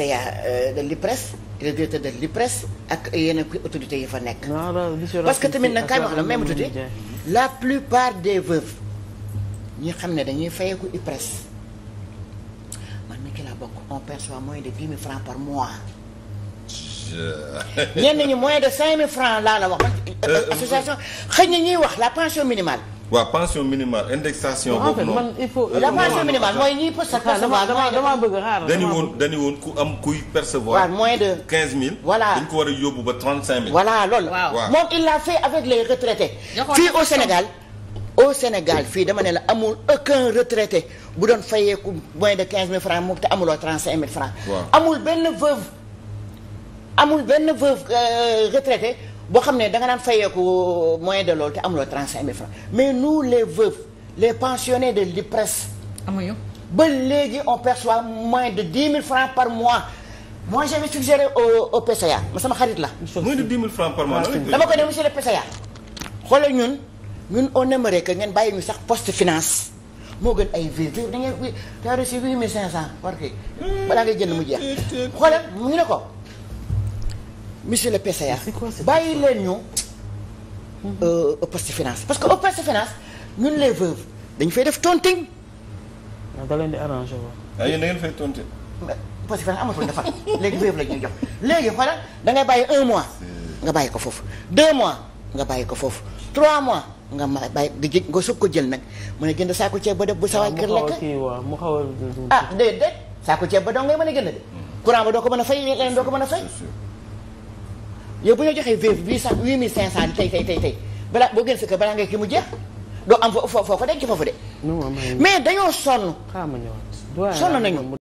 Euh, de l'IPRES le directeur de l'IPRES ak yeneen autorité yi fa nekk. parce que tamit na nag kaay wax la même tuuti la plupart des veuves ñi xam ne dañuy fayeeku IPRES man mi ki laa bokk on perçoit moins de dix mille francs par mois. ñenn ñi moins de cinq mille francs laa la wax. Euh, association xëñ na ñuy wax la pension minimale. waaw pension minimale indexation. boobu noonu man il faut. la pension minimale mooy ñiy ah, percevoir dama bëgg xaaral. dañu woon dañu woon ku am kuy percevoir. moins de 15000. voilà dañ ko war a yóbbu ba 35000. voilà loolu. waaw moom il l'a fait avec les retraités. fii au Sénégal. au Sénégal fii dama ne la amul aucun retraité bu doon fayeeku moins de 15000 francs moom te amuloo 35000 francs. amul benn veuve amul benn veuve euh, retraité. boo xam ne danga nga naan fayeeku moyen de loolu te amuloo 35 000 francs mais nous les veuves les pensionnés de l'IPRES amuñu ba léegi on perçoit moins de 10 000 francs par mois moi j'avais suggéré au au ma sama xarit la. moins de 10 000 francs par mois dama ko ne monsieur le PCA. xoolal ñun ñun on aimerait que ngeen bàyyi ñu sax post finance moo gën ay virgule da ngeen da nga reçu 8500 war kii balaa ngay jënd mu jeex xoolal mu ngi ne ko. monsieur le PCA bàyyi leen ñu euh, au poste finance parce que au poste finance ñun les veuves dañu fay def tonting leen di arrangé waaw ah, yéen da ngeen fay tonting léegi veuve la ñuy jox léegi xoolal da ngay bàyyi un mois nga bàyyi ko foofu deux mois nga bàyyi ko foofu trois mois nga ma bàyyi di jë nga soog ko jël nag mën a jënd saako ceeb ba def bu sawaay ah, kër lekk mu xaw a ah déedéet saako ceeb ba doo ngay mën a jënd de courant ba doo ko mën a fay leen doo ko mën a fay yow bu ñu joxee veuve huit cent huit mille cinq tey tey tey tey balaa boo gën sa kër balaa ngay kii mu jeex doo am foo foo ko denc foofu de. mais dañoo sonn. sonn nañu.